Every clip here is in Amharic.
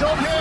zone here.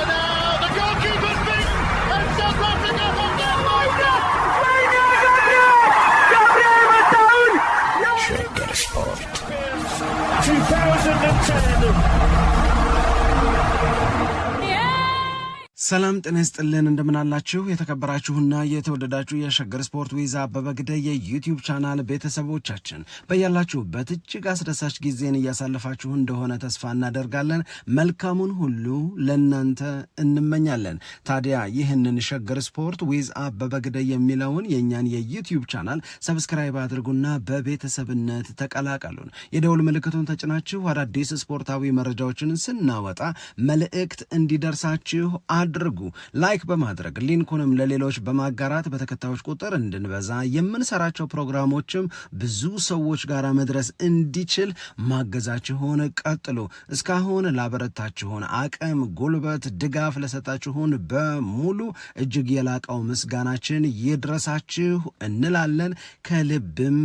ሰላም ጤና ይስጥልን እንደምናላችሁ የተከበራችሁና የተወደዳችሁ የሸገር ስፖርት ዊዛ አበበ ግደይ የዩቲዩብ ቻናል ቤተሰቦቻችን በያላችሁበት እጅግ አስደሳች ጊዜን እያሳለፋችሁ እንደሆነ ተስፋ እናደርጋለን። መልካሙን ሁሉ ለእናንተ እንመኛለን። ታዲያ ይህንን ሸገር ስፖርት ዊዝ አበበ ግደይ የሚለውን የእኛን የዩቲዩብ ቻናል ሰብስክራይብ አድርጉና በቤተሰብነት ተቀላቀሉን። የደውል ምልክቱን ተጭናችሁ አዳዲስ ስፖርታዊ መረጃዎችን ስናወጣ መልእክት እንዲደርሳችሁ አድ አድርጉ። ላይክ በማድረግ ሊንኩንም ለሌሎች በማጋራት በተከታዮች ቁጥር እንድንበዛ የምንሰራቸው ፕሮግራሞችም ብዙ ሰዎች ጋር መድረስ እንዲችል ማገዛችሁን ቀጥሉ። እስካሁን ላበረታችሁን አቅም፣ ጉልበት፣ ድጋፍ ለሰጣችሁን በሙሉ እጅግ የላቀው ምስጋናችን ይድረሳችሁ እንላለን ከልብም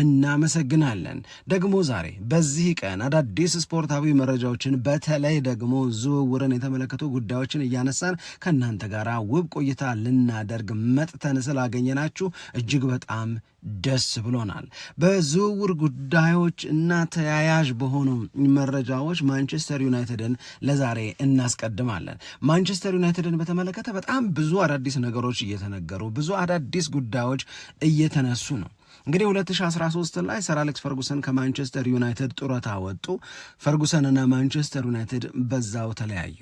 እናመሰግናለን። ደግሞ ዛሬ በዚህ ቀን አዳዲስ ስፖርታዊ መረጃዎችን በተለይ ደግሞ ዝውውርን የተመለከቱ ጉዳዮችን እያነሳን ከእናንተ ጋር ውብ ቆይታ ልናደርግ መጥተን ስላገኘናችሁ እጅግ በጣም ደስ ብሎናል። በዝውውር ጉዳዮች እና ተያያዥ በሆኑ መረጃዎች ማንቸስተር ዩናይትድን ለዛሬ እናስቀድማለን። ማንቸስተር ዩናይትድን በተመለከተ በጣም ብዙ አዳዲስ ነገሮች እየተነገሩ ብዙ አዳዲስ ጉዳዮች እየተነሱ ነው። እንግዲህ 2013 ላይ ሰር አሌክስ ፈርጉሰን ከማንቸስተር ዩናይትድ ጡረታ ወጡ። ፈርጉሰንና ማንቸስተር ዩናይትድ በዛው ተለያዩ።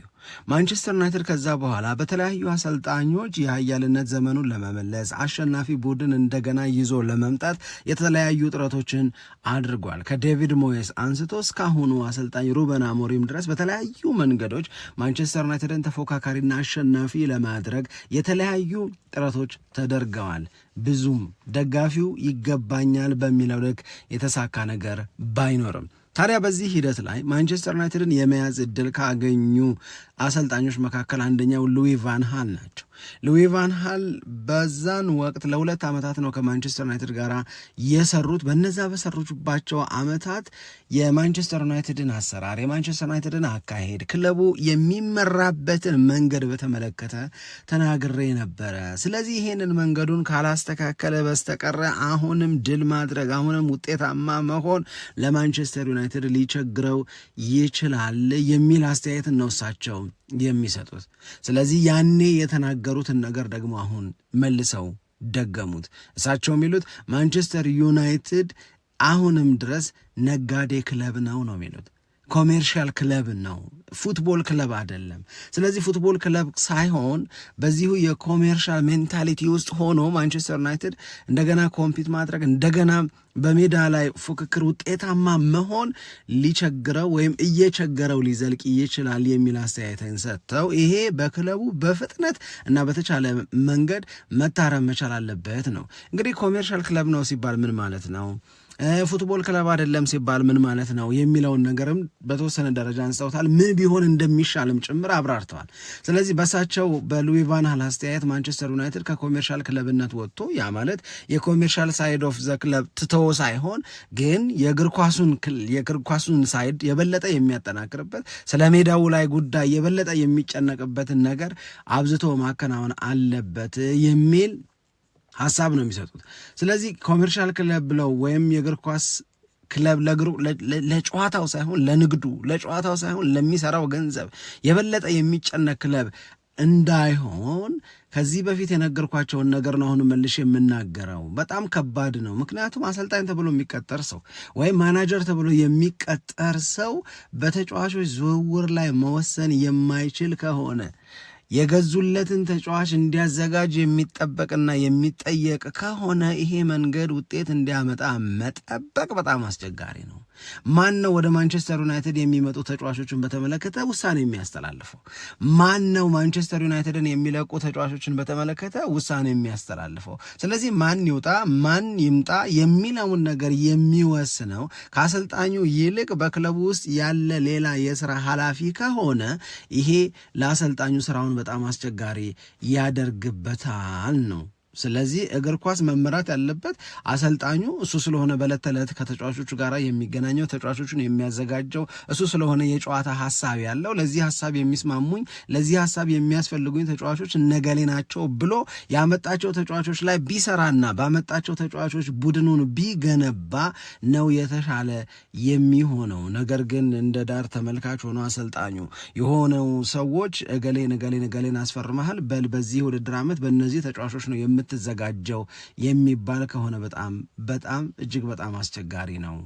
ማንቸስተር ዩናይትድ ከዛ በኋላ በተለያዩ አሰልጣኞች የሀያልነት ዘመኑን ለመመለስ አሸናፊ ቡድን እንደገና ይዞ ለመምጣት የተለያዩ ጥረቶችን አድርጓል። ከዴቪድ ሞየስ አንስቶ እስካሁኑ አሰልጣኝ ሩበን አሞሪም ድረስ በተለያዩ መንገዶች ማንቸስተር ዩናይትድን ተፎካካሪና አሸናፊ ለማድረግ የተለያዩ ጥረቶች ተደርገዋል። ብዙም ደጋፊው ይገባኛል በሚለው ልክ የተሳካ ነገር ባይኖርም ታዲያ በዚህ ሂደት ላይ ማንቸስተር ዩናይትድን የመያዝ እድል ካገኙ አሰልጣኞች መካከል አንደኛው ሉዊ ቫን ሃል ናቸው። ሉዊ ቫን ሃል በዛን ወቅት ለሁለት ዓመታት ነው ከማንቸስተር ዩናይትድ ጋር የሰሩት። በነዛ በሰሩባቸው ዓመታት የማንቸስተር ዩናይትድን አሰራር፣ የማንቸስተር ዩናይትድን አካሄድ፣ ክለቡ የሚመራበትን መንገድ በተመለከተ ተናግሬ ነበረ። ስለዚህ ይሄንን መንገዱን ካላስተካከለ በስተቀረ አሁንም ድል ማድረግ አሁንም ውጤታማ መሆን ለማንቸስተር ዩናይትድ ሊቸግረው ይችላል የሚል አስተያየትን ነው እሳቸው የሚሰጡት። ስለዚህ ያኔ የተናገሩትን ነገር ደግሞ አሁን መልሰው ደገሙት። እሳቸው የሚሉት ማንቸስተር ዩናይትድ አሁንም ድረስ ነጋዴ ክለብ ነው ነው የሚሉት ኮሜርሻል ክለብ ነው፣ ፉትቦል ክለብ አይደለም። ስለዚህ ፉትቦል ክለብ ሳይሆን በዚሁ የኮሜርሻል ሜንታሊቲ ውስጥ ሆኖ ማንቸስተር ዩናይትድ እንደገና ኮምፒት ማድረግ እንደገና በሜዳ ላይ ፉክክር ውጤታማ መሆን ሊቸግረው ወይም እየቸገረው ሊዘልቅ ይችላል የሚል አስተያየትን ሰጥተው ይሄ በክለቡ በፍጥነት እና በተቻለ መንገድ መታረም መቻል አለበት ነው። እንግዲህ ኮሜርሻል ክለብ ነው ሲባል ምን ማለት ነው? ፉትቦል ክለብ አይደለም ሲባል ምን ማለት ነው የሚለውን ነገርም በተወሰነ ደረጃ አንስተውታል። ምን ቢሆን እንደሚሻልም ጭምር አብራርተዋል። ስለዚህ በሳቸው በሉዊ ቫን ሃል አስተያየት ማንቸስተር ዩናይትድ ከኮሜርሻል ክለብነት ወጥቶ ያ ማለት የኮሜርሻል ሳይድ ኦፍ ዘ ክለብ ትተው ሳይሆን ግን የእግር ኳሱን የእግር ኳሱን ሳይድ የበለጠ የሚያጠናክርበት ስለ ሜዳው ላይ ጉዳይ የበለጠ የሚጨነቅበትን ነገር አብዝቶ ማከናወን አለበት የሚል ሀሳብ ነው የሚሰጡት። ስለዚህ ኮሜርሻል ክለብ ብለው ወይም የእግር ኳስ ክለብ ለጨዋታው ሳይሆን ለንግዱ፣ ለጨዋታው ሳይሆን ለሚሰራው ገንዘብ የበለጠ የሚጨነቅ ክለብ እንዳይሆን ከዚህ በፊት የነገርኳቸውን ነገር ነው አሁን መልሼ የምናገረው። በጣም ከባድ ነው። ምክንያቱም አሰልጣኝ ተብሎ የሚቀጠር ሰው ወይም ማናጀር ተብሎ የሚቀጠር ሰው በተጫዋቾች ዝውውር ላይ መወሰን የማይችል ከሆነ የገዙለትን ተጫዋች እንዲያዘጋጅ የሚጠበቅና የሚጠየቅ ከሆነ ይሄ መንገድ ውጤት እንዲያመጣ መጠበቅ በጣም አስቸጋሪ ነው። ማን ነው ወደ ማንቸስተር ዩናይትድ የሚመጡ ተጫዋቾችን በተመለከተ ውሳኔ የሚያስተላልፈው? ማን ነው ማንቸስተር ዩናይትድን የሚለቁ ተጫዋቾችን በተመለከተ ውሳኔ የሚያስተላልፈው? ስለዚህ ማን ይውጣ ማን ይምጣ የሚለውን ነገር የሚወስነው ከአሰልጣኙ ይልቅ በክለቡ ውስጥ ያለ ሌላ የስራ ኃላፊ ከሆነ ይሄ ለአሰልጣኙ ስራውን በጣም አስቸጋሪ ያደርግበታል ነው ስለዚህ እግር ኳስ መመራት ያለበት አሰልጣኙ እሱ ስለሆነ በዕለት ተዕለት ከተጫዋቾቹ ጋር የሚገናኘው ተጫዋቾቹን የሚያዘጋጀው እሱ ስለሆነ የጨዋታ ሀሳብ ያለው ለዚህ ሀሳብ የሚስማሙኝ ለዚህ ሀሳብ የሚያስፈልጉኝ ተጫዋቾች እነገሌ ናቸው ብሎ ያመጣቸው ተጫዋቾች ላይ ቢሰራና ባመጣቸው ተጫዋቾች ቡድኑን ቢገነባ ነው የተሻለ የሚሆነው። ነገር ግን እንደ ዳር ተመልካች ሆኖ አሰልጣኙ የሆነው ሰዎች እገሌን እገሌን እገሌን አስፈርመሃል፣ በል በዚህ ውድድር ዓመት በእነዚህ ተጫዋቾች ነው የምት የምትዘጋጀው የሚባል ከሆነ በጣም በጣም እጅግ በጣም አስቸጋሪ ነው።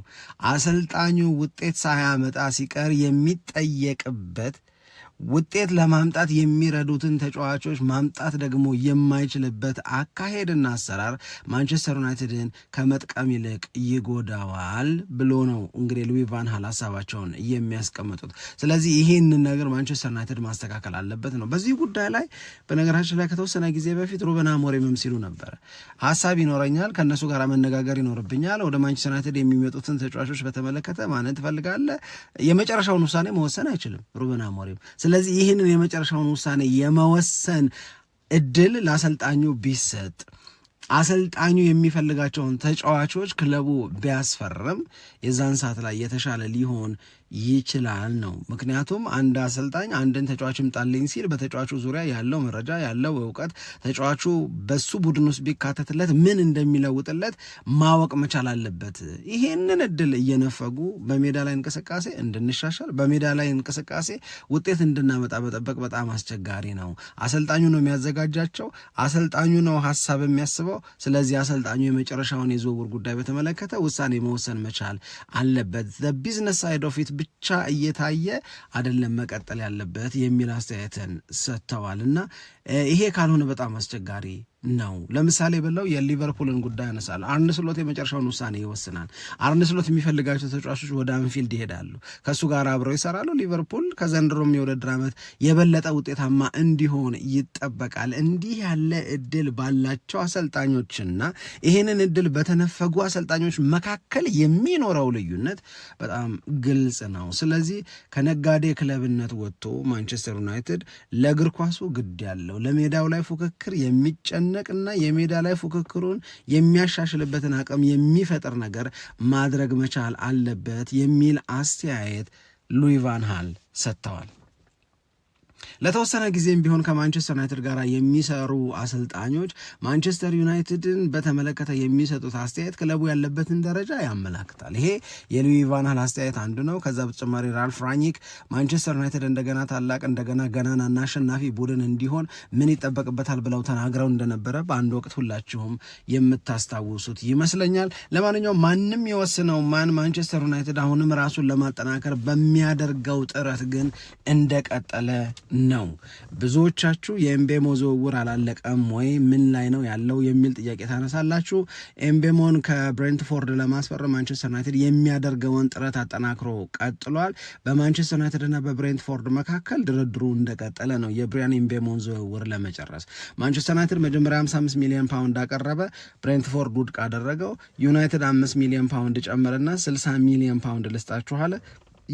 አሰልጣኙ ውጤት ሳያመጣ ሲቀር የሚጠየቅበት ውጤት ለማምጣት የሚረዱትን ተጫዋቾች ማምጣት ደግሞ የማይችልበት አካሄድና አሰራር ማንቸስተር ዩናይትድን ከመጥቀም ይልቅ ይጎዳዋል ብሎ ነው እንግዲህ ሉዊ ቫን ሃል ሀሳባቸውን የሚያስቀምጡት። ስለዚህ ይህንን ነገር ማንቸስተር ዩናይትድ ማስተካከል አለበት ነው። በዚህ ጉዳይ ላይ በነገራችን ላይ ከተወሰነ ጊዜ በፊት ሩበን አሞሪምም ሲሉ ነበረ፣ ሀሳብ ይኖረኛል፣ ከእነሱ ጋር መነጋገር ይኖርብኛል፣ ወደ ማንቸስተር ዩናይትድ የሚመጡትን ተጫዋቾች በተመለከተ ማንን ትፈልጋለህ? የመጨረሻውን ውሳኔ መወሰን አይችልም ሩበን አሞሪም ስለዚህ ይህንን የመጨረሻውን ውሳኔ የመወሰን እድል ለአሰልጣኙ ቢሰጥ አሰልጣኙ የሚፈልጋቸውን ተጫዋቾች ክለቡ ቢያስፈርም የዛን ሰዓት ላይ የተሻለ ሊሆን ይችላል ነው። ምክንያቱም አንድ አሰልጣኝ አንድን ተጫዋች ምጣልኝ ሲል በተጫዋቹ ዙሪያ ያለው መረጃ ያለው እውቀት ተጫዋቹ በሱ ቡድን ውስጥ ቢካተትለት ምን እንደሚለውጥለት ማወቅ መቻል አለበት። ይሄንን እድል እየነፈጉ በሜዳ ላይ እንቅስቃሴ እንድንሻሻል፣ በሜዳ ላይ እንቅስቃሴ ውጤት እንድናመጣ በጠበቅ በጣም አስቸጋሪ ነው። አሰልጣኙ ነው የሚያዘጋጃቸው፣ አሰልጣኙ ነው ሀሳብ የሚያስበው። ስለዚህ አሰልጣኙ የመጨረሻውን የዝውውር ጉዳይ በተመለከተ ውሳኔ መወሰን መቻል አለበት። ቢዝነስ ሳይድ ኦፍ ኢት ብቻ እየታየ አይደለም መቀጠል ያለበት የሚል አስተያየትን ሰጥተዋል እና ይሄ ካልሆነ በጣም አስቸጋሪ ነው። ለምሳሌ ብለው የሊቨርፑልን ጉዳይ ያነሳል አርነ ስሎት የመጨረሻውን ውሳኔ ይወስናል። አርነ ስሎት የሚፈልጋቸው ተጫዋቾች ወደ አንፊልድ ይሄዳሉ፣ ከእሱ ጋር አብረው ይሰራሉ። ሊቨርፑል ከዘንድሮም የውድድር ዓመት የበለጠ ውጤታማ እንዲሆን ይጠበቃል። እንዲህ ያለ እድል ባላቸው አሰልጣኞችና ይህንን እድል በተነፈጉ አሰልጣኞች መካከል የሚኖረው ልዩነት በጣም ግልጽ ነው። ስለዚህ ከነጋዴ ክለብነት ወጥቶ ማንቸስተር ዩናይትድ ለእግር ኳሱ ግድ ያለው ያለው ለሜዳው ላይ ፉክክር የሚጨነቅና የሜዳ ላይ ፉክክሩን የሚያሻሽልበትን አቅም የሚፈጥር ነገር ማድረግ መቻል አለበት የሚል አስተያየት ሉይ ቫን ሃል ሰጥተዋል። ለተወሰነ ጊዜም ቢሆን ከማንቸስተር ዩናይትድ ጋር የሚሰሩ አሰልጣኞች ማንቸስተር ዩናይትድን በተመለከተ የሚሰጡት አስተያየት ክለቡ ያለበትን ደረጃ ያመላክታል። ይሄ የሉዊ አስተያየት አንዱ ነው። ከዛ በተጨማሪ ራልፍ ራኒክ ማንቸስተር ዩናይትድ እንደገና ታላቅ እንደገና ገናና አሸናፊ ቡድን እንዲሆን ምን ይጠበቅበታል ብለው ተናግረው እንደነበረ በአንድ ወቅት ሁላችሁም የምታስታውሱት ይመስለኛል። ለማንኛውም ማንም የወስነው ማን ማንቸስተር ዩናይትድ አሁንም ራሱን ለማጠናከር በሚያደርገው ጥረት ግን እንደቀጠለ ነው። ብዙዎቻችሁ የኤምቤሞ ዝውውር አላለቀም ወይ ምን ላይ ነው ያለው የሚል ጥያቄ ታነሳላችሁ። ኤምቤሞን ከብሬንትፎርድ ለማስፈረም ማንቸስተር ዩናይትድ የሚያደርገውን ጥረት አጠናክሮ ቀጥሏል። በማንቸስተር ዩናይትድ እና በብሬንትፎርድ መካከል ድርድሩ እንደቀጠለ ነው። የብሪያን ኤምቤሞን ዝውውር ለመጨረስ ማንቸስተር ዩናይትድ መጀመሪያ 55 ሚሊዮን ፓውንድ አቀረበ። ብሬንትፎርድ ውድቅ አደረገው። ዩናይትድ 5 ሚሊዮን ፓውንድ ጨመረና 60 ሚሊዮን ፓውንድ ልስጣችኋለ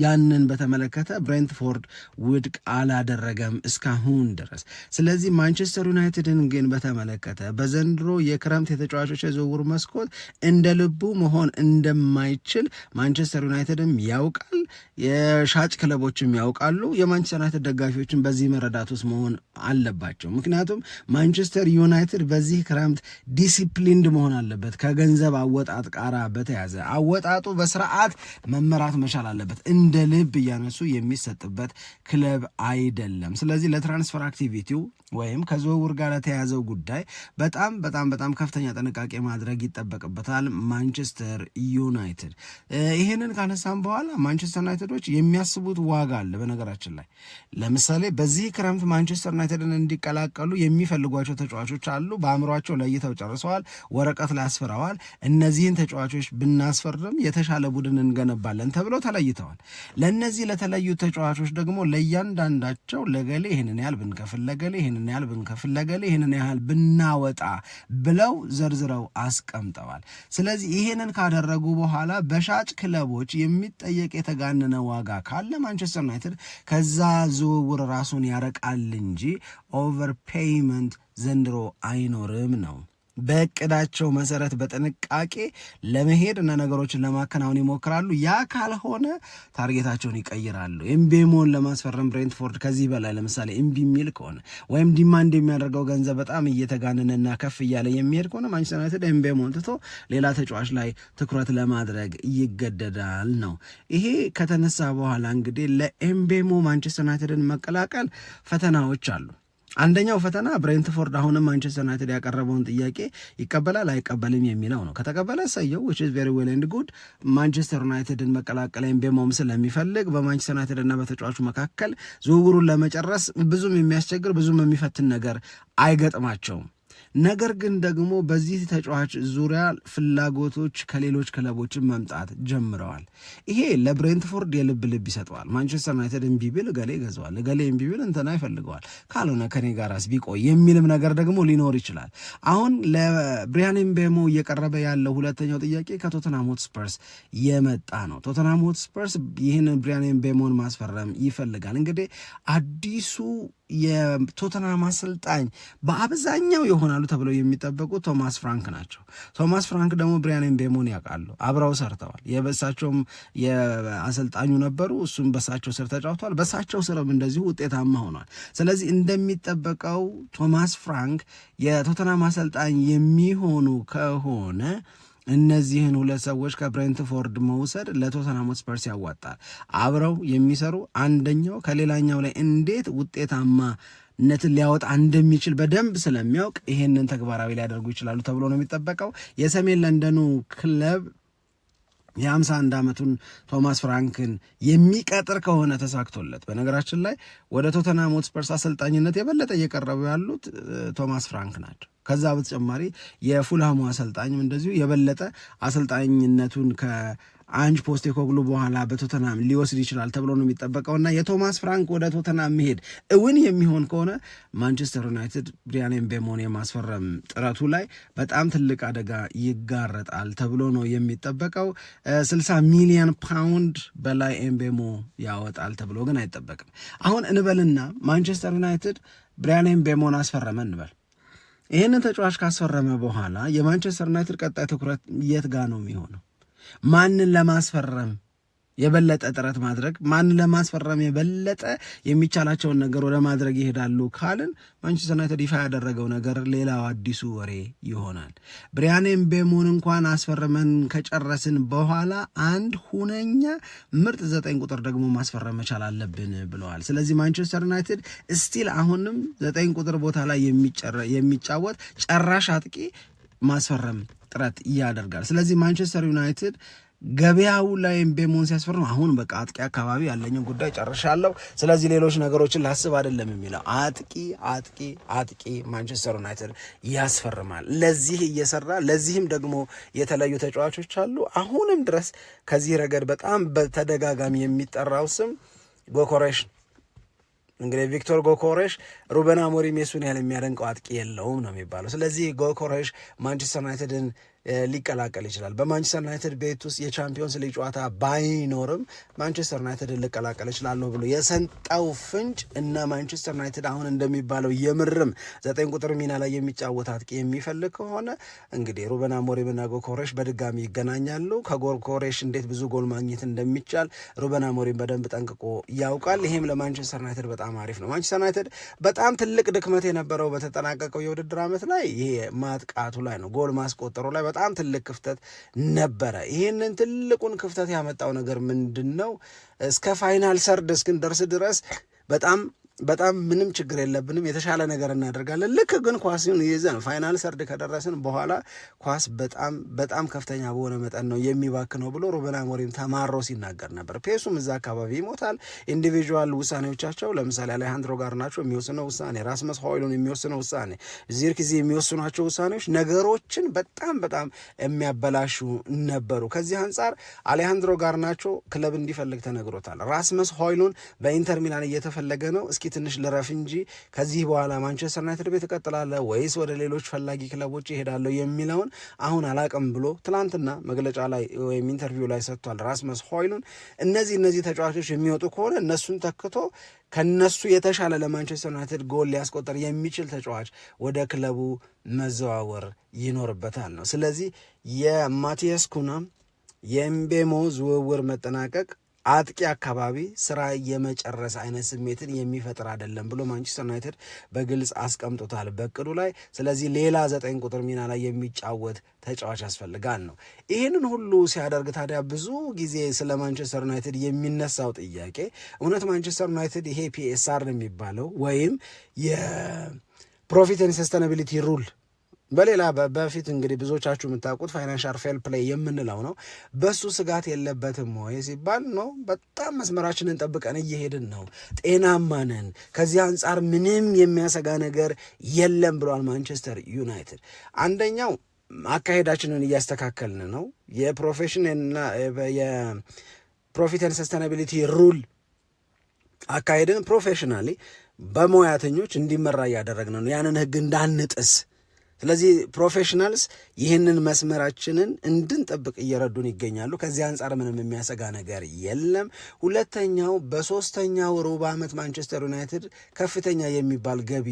ያንን በተመለከተ ብሬንትፎርድ ውድቅ አላደረገም እስካሁን ድረስ። ስለዚህ ማንቸስተር ዩናይትድን ግን በተመለከተ በዘንድሮ የክረምት የተጫዋቾች የዝውውር መስኮት እንደ ልቡ መሆን እንደማይችል ማንቸስተር ዩናይትድም ያውቃል፣ የሻጭ ክለቦችም ያውቃሉ። የማንቸስተር ዩናይትድ ደጋፊዎችን በዚህ መረዳት ውስጥ መሆን አለባቸው። ምክንያቱም ማንቸስተር ዩናይትድ በዚህ ክረምት ዲሲፕሊንድ መሆን አለበት። ከገንዘብ አወጣጥ ጋር በተያዘ አወጣጡ በስርዓት መመራት መቻል አለበት። እንደ ልብ እያነሱ የሚሰጥበት ክለብ አይደለም። ስለዚህ ለትራንስፈር አክቲቪቲው ወይም ከዝውውር ጋር ለተያያዘው ጉዳይ በጣም በጣም በጣም ከፍተኛ ጥንቃቄ ማድረግ ይጠበቅበታል ማንቸስተር ዩናይትድ። ይህንን ካነሳም በኋላ ማንቸስተር ዩናይትዶች የሚያስቡት ዋጋ አለ። በነገራችን ላይ ለምሳሌ በዚህ ክረምት ማንቸስተር ዩናይትድን እንዲቀላቀሉ የሚፈልጓቸው ተጫዋቾች አሉ። በአእምሯቸው ለይተው ጨርሰዋል፣ ወረቀት ላይ አስፍረዋል። እነዚህን ተጫዋቾች ብናስፈርም የተሻለ ቡድን እንገነባለን ተብለው ተለይተዋል። ለእነዚህ ለተለዩ ተጫዋቾች ደግሞ ለእያንዳንዳቸው ለገሌ ይህንን ያህል ብንከፍል፣ ለገሌ ይህንን ያህል ብንከፍል፣ ለገሌ ይህንን ያህል ብናወጣ ብለው ዘርዝረው አስቀምጠዋል። ስለዚህ ይህንን ካደረጉ በኋላ በሻጭ ክለቦች የሚጠየቅ የተጋነነ ዋጋ ካለ ማንቸስተር ዩናይትድ ከዛ ዝውውር ራሱን ያረቃል እንጂ ኦቨር ፔይመንት ዘንድሮ አይኖርም ነው። በእቅዳቸው መሰረት በጥንቃቄ ለመሄድ እና ነገሮችን ለማከናወን ይሞክራሉ። ያ ካልሆነ ታርጌታቸውን ይቀይራሉ። ኤምቤሞን ለማስፈረም ብሬንትፎርድ ከዚህ በላይ ለምሳሌ ኤምቢ የሚል ከሆነ ወይም ዲማንድ የሚያደርገው ገንዘብ በጣም እየተጋነነና ከፍ እያለ የሚሄድ ከሆነ ማንቸስተር ዩናይትድ ኤምቤሞን ትቶ ሌላ ተጫዋች ላይ ትኩረት ለማድረግ ይገደዳል ነው። ይሄ ከተነሳ በኋላ እንግዲህ ለኤምቤሞ ማንቸስተር ዩናይትድን መቀላቀል ፈተናዎች አሉ። አንደኛው ፈተና ብሬንትፎርድ አሁንም ማንቸስተር ዩናይትድ ያቀረበውን ጥያቄ ይቀበላል አይቀበልም የሚለው ነው። ከተቀበለ ሰየው ዊች ኢዝ ቬሪ ዌል ኤንድ ጉድ። ማንቸስተር ዩናይትድን መቀላቀል ኤምቤሞም ስለሚፈልግ በማንቸስተር ዩናይትድ እና በተጫዋቹ መካከል ዝውውሩን ለመጨረስ ብዙም የሚያስቸግር ብዙም የሚፈትን ነገር አይገጥማቸውም። ነገር ግን ደግሞ በዚህ ተጫዋች ዙሪያ ፍላጎቶች ከሌሎች ክለቦችን መምጣት ጀምረዋል። ይሄ ለብሬንትፎርድ የልብ ልብ ይሰጠዋል። ማንቸስተር ዩናይትድ እምቢ ቢል እገሌ ይገዛዋል፣ እገሌ እምቢ ቢል እንትና ይፈልገዋል፣ ካልሆነ ከኔ ጋራስ ቢቆይ የሚልም ነገር ደግሞ ሊኖር ይችላል። አሁን ለብሪያን ቤሞ እየቀረበ ያለው ሁለተኛው ጥያቄ ከቶተናም ሆትስፐርስ የመጣ ነው። ቶተናም ሆትስፐርስ ይህን ብሪያን ምቤሞን ማስፈረም ይፈልጋል። እንግዲህ አዲሱ የቶተናም አሰልጣኝ በአብዛኛው የሆነ ይሆናሉ ተብለው የሚጠበቁ ቶማስ ፍራንክ ናቸው። ቶማስ ፍራንክ ደግሞ ብሪያን ቤሞን ያውቃሉ፣ አብረው ሰርተዋል። የበሳቸውም የአሰልጣኙ ነበሩ። እሱም በሳቸው ስር ተጫውተዋል። በሳቸው ስርም እንደዚሁ ውጤታማ ሆኗል። ስለዚህ እንደሚጠበቀው ቶማስ ፍራንክ የቶተናም አሰልጣኝ የሚሆኑ ከሆነ እነዚህን ሁለት ሰዎች ከብሬንትፎርድ መውሰድ ለቶተናም ስፐርስ ያዋጣል። አብረው የሚሰሩ አንደኛው ከሌላኛው ላይ እንዴት ውጤታማ ነትን ሊያወጣ እንደሚችል በደንብ ስለሚያውቅ ይሄንን ተግባራዊ ሊያደርጉ ይችላሉ ተብሎ ነው የሚጠበቀው። የሰሜን ለንደኑ ክለብ የ51 ዓመቱን ቶማስ ፍራንክን የሚቀጥር ከሆነ ተሳክቶለት፣ በነገራችን ላይ ወደ ቶተንሃም ሆትስፐርስ አሰልጣኝነት የበለጠ እየቀረቡ ያሉት ቶማስ ፍራንክ ናቸው። ከዛ በተጨማሪ የፉልሃሙ አሰልጣኝም እንደዚሁ የበለጠ አሰልጣኝነቱን ከ አንጅ ፖስቴኮግሉ በኋላ በቶተናም ሊወስድ ይችላል ተብሎ ነው እና የቶማስ ፍራንክ ወደ ቶተናም መሄድ እውን የሚሆን ከሆነ ማንቸስተር ዩናይትድ ብሪያን ኤምቤሞን የማስፈረም ጥረቱ ላይ በጣም ትልቅ አደጋ ይጋረጣል ተብሎ ነው የሚጠበቀው። 60 ሚሊዮን ፓውንድ በላይ ኤምቤሞ ያወጣል ተብሎ ግን አይጠበቅም። አሁን እንበልና ማንቸስተር ዩናይትድ ብሪያን ኤምቤሞን አስፈረመ እንበል። ይህንን ተጫዋች ካስፈረመ በኋላ የማንቸስተር ዩናይትድ ቀጣይ ትኩረት የት ጋ ነው የሚሆነው? ማንን ለማስፈረም የበለጠ ጥረት ማድረግ ማንን ለማስፈረም የበለጠ የሚቻላቸውን ነገር ወደ ማድረግ ይሄዳሉ ካልን ማንቸስተር ዩናይትድ ይፋ ያደረገው ነገር ሌላው አዲሱ ወሬ ይሆናል። ብሪያን ቤሞን እንኳን አስፈርመን ከጨረስን በኋላ አንድ ሁነኛ ምርጥ ዘጠኝ ቁጥር ደግሞ ማስፈረም መቻል አለብን ብለዋል። ስለዚህ ማንቸስተር ዩናይትድ ስቲል አሁንም ዘጠኝ ቁጥር ቦታ ላይ የሚጫወት ጨራሽ አጥቂ ማስፈረም ጥረት ያደርጋል። ስለዚህ ማንቸስተር ዩናይትድ ገበያው ላይ ኤምቤሞን ሲያስፈርም አሁን በቃ አጥቂ አካባቢ ያለኝን ጉዳይ ጨርሻለሁ፣ ስለዚህ ሌሎች ነገሮችን ላስብ አይደለም የሚለው አጥቂ አጥቂ አጥቂ ማንቸስተር ዩናይትድ ያስፈርማል። ለዚህ እየሰራ ለዚህም ደግሞ የተለዩ ተጫዋቾች አሉ። አሁንም ድረስ ከዚህ ረገድ በጣም በተደጋጋሚ የሚጠራው ስም ጎኮሬሽ እንግዲህ ቪክቶር ጎኮሬሽ ሩበን አሞሪም የሱን ያህል የሚያደንቀው አጥቂ የለውም ነው የሚባለው። ስለዚህ ጎኮሬሽ ማንቸስተር ዩናይትድን ሊቀላቀል ይችላል። በማንቸስተር ዩናይትድ ቤት ውስጥ የቻምፒዮንስ ሊግ ጨዋታ ባይኖርም ማንቸስተር ዩናይትድን ልቀላቀል እችላለሁ ብሎ የሰንጣው ፍንጭ እና ማንቸስተር ዩናይትድ አሁን እንደሚባለው የምርም ዘጠኝ ቁጥር ሚና ላይ የሚጫወት አጥቂ የሚፈልግ ከሆነ እንግዲህ ሩበን አሞሪም እና ጎኮሬሽ በድጋሚ ይገናኛሉ። ከጎኮሬሽ እንዴት ብዙ ጎል ማግኘት እንደሚቻል ሩበን አሞሪም በደንብ ጠንቅቆ ያውቃል። ይሄም ለማንቸስተር ዩናይትድ በጣም አሪፍ ነው። ማንቸስተር ዩናይትድ በጣም ትልቅ ድክመት የነበረው በተጠናቀቀው የውድድር ዓመት ላይ ይሄ ማጥቃቱ ላይ ነው፣ ጎል ማስቆጠሩ ላይ በጣም ትልቅ ክፍተት ነበረ። ይህንን ትልቁን ክፍተት ያመጣው ነገር ምንድን ነው? እስከ ፋይናል ሰርድ እስክንደርስ ድረስ በጣም በጣም ምንም ችግር የለብንም፣ የተሻለ ነገር እናደርጋለን። ልክ ግን ኳስን ይዘን ፋይናል ሰርድ ከደረስን በኋላ ኳስ በጣም በጣም ከፍተኛ በሆነ መጠን ነው ነው ብሎ ሩበን አሞሪም ተማሮ ሲናገር ነበር። ፔሱም እዛ አካባቢ ይሞታል። ኢንዲቪዥዋል ውሳኔዎቻቸው ለምሳሌ አሌሃንድሮ ጋርናቾ የሚወስነው ውሳኔ፣ ራስመስ ሆይሉንድ የሚወስነው ውሳኔ፣ ዚርክዚ የሚወስኗቸው ውሳኔዎች ነገሮችን በጣም በጣም የሚያበላሹ ነበሩ። ከዚህ አንጻር አሌሃንድሮ ጋርናቾ ክለብ እንዲፈልግ ተነግሮታል። ራስመስ ሆይሉን በኢንተር ሚላን እየተፈለገ ነው እስኪ እስኪ ትንሽ ልረፍ እንጂ ከዚህ በኋላ ማንቸስተር ዩናይትድ ቤት እቀጥላለሁ ወይስ ወደ ሌሎች ፈላጊ ክለቦች ይሄዳለሁ የሚለውን አሁን አላቅም ብሎ ትናንትና መግለጫ ላይ ወይም ኢንተርቪው ላይ ሰጥቷል ራስመስ ሆይሉን። እነዚህ እነዚህ ተጫዋቾች የሚወጡ ከሆነ እነሱን ተክቶ ከነሱ የተሻለ ለማንቸስተር ዩናይትድ ጎል ሊያስቆጠር የሚችል ተጫዋች ወደ ክለቡ መዘዋወር ይኖርበታል ነው። ስለዚህ የማቲያስ ኩና የኤምቤሞ ዝውውር መጠናቀቅ አጥቂ አካባቢ ስራ የመጨረስ አይነት ስሜትን የሚፈጥር አይደለም ብሎ ማንቸስተር ዩናይትድ በግልጽ አስቀምጦታል በእቅዱ ላይ። ስለዚህ ሌላ ዘጠኝ ቁጥር ሚና ላይ የሚጫወት ተጫዋች ያስፈልጋል ነው። ይህንን ሁሉ ሲያደርግ ታዲያ ብዙ ጊዜ ስለ ማንቸስተር ዩናይትድ የሚነሳው ጥያቄ እውነት ማንቸስተር ዩናይትድ ይሄ ፒኤስአር ነው የሚባለው ወይም የፕሮፊት ኤንድ ሰስተናቢሊቲ ሩል በሌላ በፊት እንግዲህ ብዙዎቻችሁ የምታውቁት ፋይናንሻል ፌል ፕሌይ የምንለው ነው። በሱ ስጋት የለበትም ወይ ሲባል ነው። በጣም መስመራችንን ጠብቀን እየሄድን ነው፣ ጤናማ ነን፣ ከዚህ አንጻር ምንም የሚያሰጋ ነገር የለም ብሏል ማንቸስተር ዩናይትድ። አንደኛው አካሄዳችንን እያስተካከልን ነው። የፕሮፌሽንና የፕሮፊትን ሰስተናቢሊቲ ሩል አካሄድን ፕሮፌሽናሊ በሙያተኞች እንዲመራ እያደረግን ነው፣ ያንን ህግ እንዳንጥስ ስለዚህ ፕሮፌሽናልስ ይህንን መስመራችንን እንድንጠብቅ እየረዱን ይገኛሉ። ከዚህ አንጻር ምንም የሚያሰጋ ነገር የለም። ሁለተኛው በሶስተኛው ሩብ ዓመት ማንቸስተር ዩናይትድ ከፍተኛ የሚባል ገቢ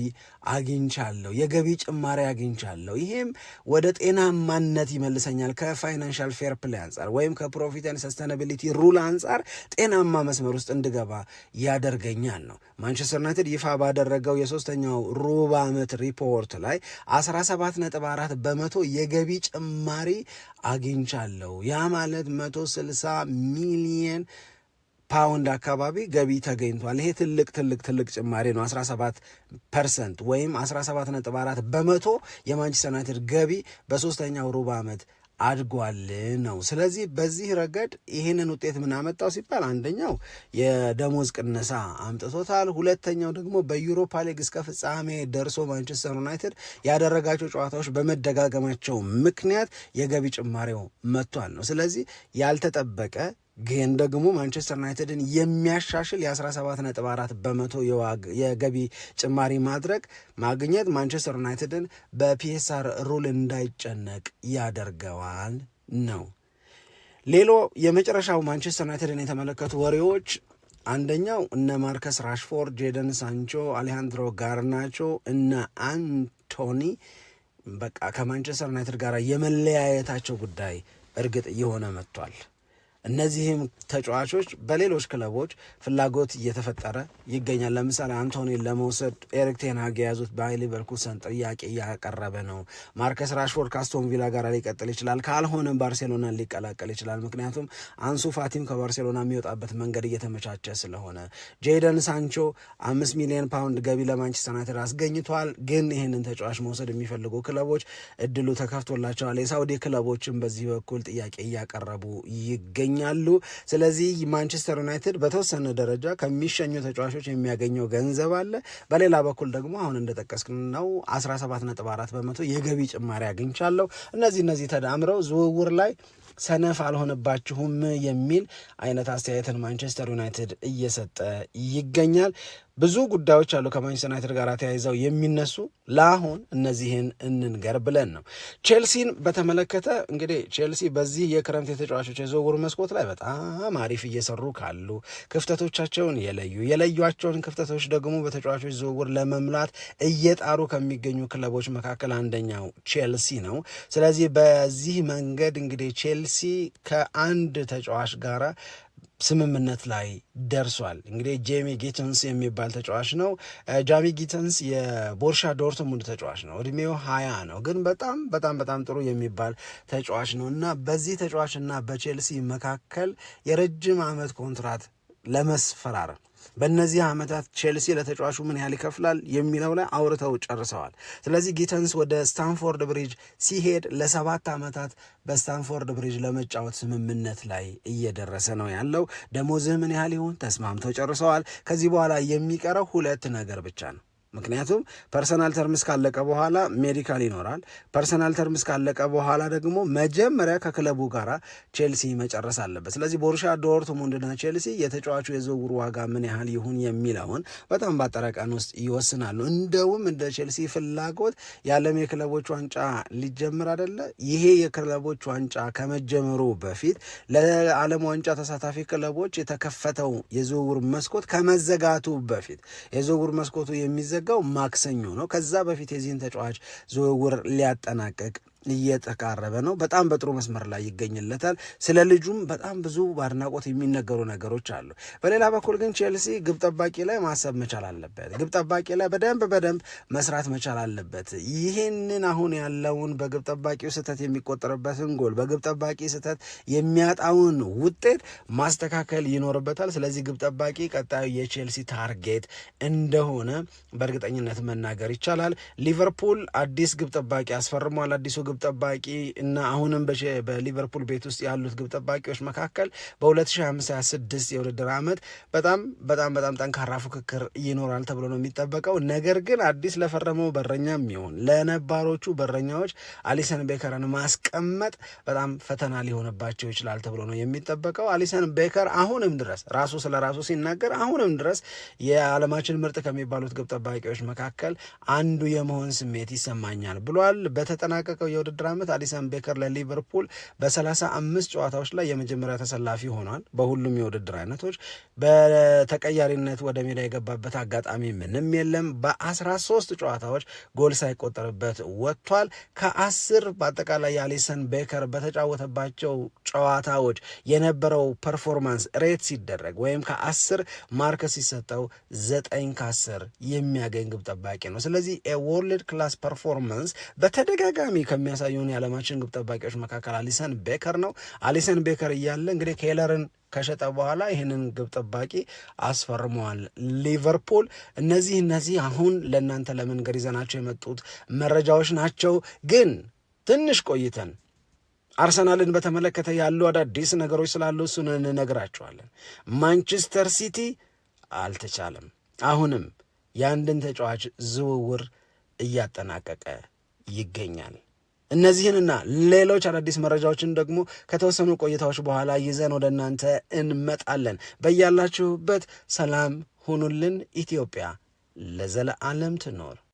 አግኝቻለሁ፣ የገቢ ጭማሪ አግኝቻለሁ። ይሄም ወደ ጤናማነት ይመልሰኛል። ከፋይናንሻል ፌር ፕላይ አንጻር ወይም ከፕሮፊት ኤንድ ሰስተናቢሊቲ ሩል አንጻር ጤናማ መስመር ውስጥ እንድገባ ያደርገኛል ነው። ማንቸስተር ዩናይትድ ይፋ ባደረገው የሶስተኛው ሩብ ዓመት ሪፖርት ላይ 17.4 በመቶ የገቢ ጭማሪ አግኝቻለሁ። ያ ማለት 160 ሚሊየን ፓውንድ አካባቢ ገቢ ተገኝቷል። ይሄ ትልቅ ትልቅ ትልቅ ጭማሪ ነው። 17 ፐርሰንት ወይም 17 ነ4 በመቶ የማንቸስተር ዩናይትድ ገቢ በሶስተኛው ሩብ ዓመት አድጓል ነው። ስለዚህ በዚህ ረገድ ይህንን ውጤት ምን አመጣው ሲባል አንደኛው የደሞዝ ቅነሳ አምጥቶታል። ሁለተኛው ደግሞ በዩሮፓ ሊግ እስከ ፍጻሜ ደርሶ ማንቸስተር ዩናይትድ ያደረጋቸው ጨዋታዎች በመደጋገማቸው ምክንያት የገቢ ጭማሪው መጥቷል ነው። ስለዚህ ያልተጠበቀ ግን ደግሞ ማንቸስተር ዩናይትድን የሚያሻሽል የ17.4 በመቶ የገቢ ጭማሪ ማድረግ ማግኘት ማንቸስተር ዩናይትድን በፒኤስአር ሩል እንዳይጨነቅ ያደርገዋል ነው። ሌሎ የመጨረሻው ማንቸስተር ዩናይትድን የተመለከቱ ወሬዎች አንደኛው እነ ማርከስ ራሽፎርድ፣ ጄደን ሳንቾ፣ አሌሃንድሮ ጋርናቾ እነ አንቶኒ በቃ ከማንቸስተር ዩናይትድ ጋር የመለያየታቸው ጉዳይ እርግጥ እየሆነ መጥቷል። እነዚህም ተጫዋቾች በሌሎች ክለቦች ፍላጎት እየተፈጠረ ይገኛል። ለምሳሌ አንቶኒ ለመውሰድ ኤሪክ ቴን የያዙት ባየር ጥያቄ እያቀረበ ነው። ማርከስ ራሽፎርድ ካስቶን ቪላ ጋር ሊቀጥል ይችላል፣ ካልሆነም ባርሴሎና ሊቀላቀል ይችላል። ምክንያቱም አንሱ ፋቲም ከባርሴሎና የሚወጣበት መንገድ እየተመቻቸ ስለሆነ፣ ጄደን ሳንቾ አምስት ሚሊዮን ፓውንድ ገቢ ለማንቸስተር ዩናይትድ አስገኝቷል። ግን ይህንን ተጫዋች መውሰድ የሚፈልጉ ክለቦች እድሉ ተከፍቶላቸዋል። የሳውዲ ክለቦችም በዚህ በኩል ጥያቄ እያቀረቡ ይገኛል። ይገኛሉ። ስለዚህ ማንቸስተር ዩናይትድ በተወሰነ ደረጃ ከሚሸኙ ተጫዋቾች የሚያገኘው ገንዘብ አለ። በሌላ በኩል ደግሞ አሁን እንደጠቀስክ ነው 17.4 በመቶ የገቢ ጭማሪ አግኝቻለሁ። እነዚህ እነዚህ ተዳምረው ዝውውር ላይ ሰነፍ አልሆነባችሁም የሚል አይነት አስተያየትን ማንቸስተር ዩናይትድ እየሰጠ ይገኛል። ብዙ ጉዳዮች አሉ ከማንቸስተር ዩናይትድ ጋር ተያይዘው የሚነሱ ለአሁን እነዚህን እንንገር ብለን ነው። ቼልሲን በተመለከተ እንግዲህ ቼልሲ በዚህ የክረምት የተጫዋቾች የዝውውር መስኮት ላይ በጣም አሪፍ እየሰሩ ካሉ ክፍተቶቻቸውን የለዩ የለዩቸውን ክፍተቶች ደግሞ በተጫዋቾች ዝውውር ለመምላት እየጣሩ ከሚገኙ ክለቦች መካከል አንደኛው ቼልሲ ነው። ስለዚህ በዚህ መንገድ እንግዲህ ቼልሲ ከአንድ ተጫዋች ጋራ ስምምነት ላይ ደርሷል። እንግዲህ ጄሚ ጊትንስ የሚባል ተጫዋች ነው። ጃሚ ጊትንስ የቦርሻ ዶርትሙንድ ተጫዋች ነው። እድሜው ሀያ ነው፣ ግን በጣም በጣም በጣም ጥሩ የሚባል ተጫዋች ነው እና በዚህ ተጫዋች እና በቼልሲ መካከል የረጅም ዓመት ኮንትራት ለመስፈራረም በእነዚህ ዓመታት ቼልሲ ለተጫዋቹ ምን ያህል ይከፍላል የሚለው ላይ አውርተው ጨርሰዋል። ስለዚህ ጊተንስ ወደ ስታንፎርድ ብሪጅ ሲሄድ ለሰባት ዓመታት በስታንፎርድ ብሪጅ ለመጫወት ስምምነት ላይ እየደረሰ ነው ያለው። ደሞዝህ ምን ያህል ይሁን ተስማምተው ጨርሰዋል። ከዚህ በኋላ የሚቀረው ሁለት ነገር ብቻ ነው። ምክንያቱም ፐርሰናል ተርምስ ካለቀ በኋላ ሜዲካል ይኖራል። ፐርሰናል ተርምስ ካለቀ በኋላ ደግሞ መጀመሪያ ከክለቡ ጋር ቼልሲ መጨረስ አለበት። ስለዚህ ቦሩሺያ ዶርትሙንድና ቼልሲ የተጫዋቹ የዝውውር ዋጋ ምን ያህል ይሁን የሚለውን በጣም በአጠረ ቀን ውስጥ ይወስናሉ። እንደውም እንደ ቼልሲ ፍላጎት የዓለም የክለቦች ዋንጫ ሊጀምር አይደለ? ይሄ የክለቦች ዋንጫ ከመጀመሩ በፊት ለዓለም ዋንጫ ተሳታፊ ክለቦች የተከፈተው የዝውውር መስኮት ከመዘጋቱ በፊት የዝውውር መስኮቱ የሚዘጋ የሚያደርገው ማክሰኞ ነው። ከዛ በፊት የዚህን ተጫዋች ዝውውር ሊያጠናቀቅ እየተቃረበ ነው። በጣም በጥሩ መስመር ላይ ይገኝለታል። ስለ ልጁም በጣም ብዙ በአድናቆት የሚነገሩ ነገሮች አሉ። በሌላ በኩል ግን ቼልሲ ግብ ጠባቂ ላይ ማሰብ መቻል አለበት። ግብ ጠባቂ ላይ በደንብ በደንብ መስራት መቻል አለበት። ይህንን አሁን ያለውን በግብ ጠባቂው ስህተት የሚቆጠርበትን ጎል፣ በግብ ጠባቂ ስህተት የሚያጣውን ውጤት ማስተካከል ይኖርበታል። ስለዚህ ግብ ጠባቂ ቀጣዩ የቼልሲ ታርጌት እንደሆነ በእርግጠኝነት መናገር ይቻላል። ሊቨርፑል አዲስ ግብ ጠባቂ አስፈርሟል። አዲሱ ግብ ግብ ጠባቂ እና አሁንም በሊቨርፑል ቤት ውስጥ ያሉት ግብ ጠባቂዎች መካከል በ 2526 የውድድር ዓመት በጣም በጣም በጣም ጠንካራ ፉክክር ይኖራል ተብሎ ነው የሚጠበቀው። ነገር ግን አዲስ ለፈረመው በረኛም የሚሆን ለነባሮቹ በረኛዎች አሊሰን ቤከርን ማስቀመጥ በጣም ፈተና ሊሆንባቸው ይችላል ተብሎ ነው የሚጠበቀው። አሊሰን ቤከር አሁንም ድረስ ራሱ ስለ ራሱ ሲናገር አሁንም ድረስ የዓለማችን ምርጥ ከሚባሉት ግብ ጠባቂዎች መካከል አንዱ የመሆን ስሜት ይሰማኛል ብሏል። በተጠናቀቀው የውድድር ዓመት አሊሰን ቤከር ለሊቨርፑል በሰላሳ አምስት ጨዋታዎች ላይ የመጀመሪያ ተሰላፊ ሆኗል። በሁሉም የውድድር አይነቶች በተቀያሪነት ወደ ሜዳ የገባበት አጋጣሚ ምንም የለም። በ በ13 ጨዋታዎች ጎል ሳይቆጠርበት ወጥቷል። ከአስር በአጠቃላይ የአሊሰን ቤከር በተጫወተባቸው ጨዋታዎች የነበረው ፐርፎርማንስ ሬት ሲደረግ ወይም ከአስር ማርክ ሲሰጠው ዘጠኝ ከአስር የሚያገኝ ግብ ጠባቂ ነው። ስለዚህ የወርልድ ክላስ ፐርፎርማንስ በተደጋጋሚ ከሚ ከሚያሳዩን የዓለማችን ግብ ጠባቂዎች መካከል አሊሰን ቤከር ነው። አሊሰን ቤከር እያለ እንግዲህ ኬለርን ከሸጠ በኋላ ይህንን ግብ ጠባቂ አስፈርመዋል ሊቨርፑል። እነዚህ እነዚህ አሁን ለእናንተ ለመንገድ ይዘናቸው የመጡት መረጃዎች ናቸው። ግን ትንሽ ቆይተን አርሰናልን በተመለከተ ያሉ አዳዲስ ነገሮች ስላሉ እሱን እንነግራቸዋለን። ማንቸስተር ሲቲ አልተቻለም። አሁንም የአንድን ተጫዋች ዝውውር እያጠናቀቀ ይገኛል። እነዚህንና ሌሎች አዳዲስ መረጃዎችን ደግሞ ከተወሰኑ ቆይታዎች በኋላ ይዘን ወደ እናንተ እንመጣለን። በያላችሁበት ሰላም ሁኑልን። ኢትዮጵያ ለዘለዓለም ትኖር።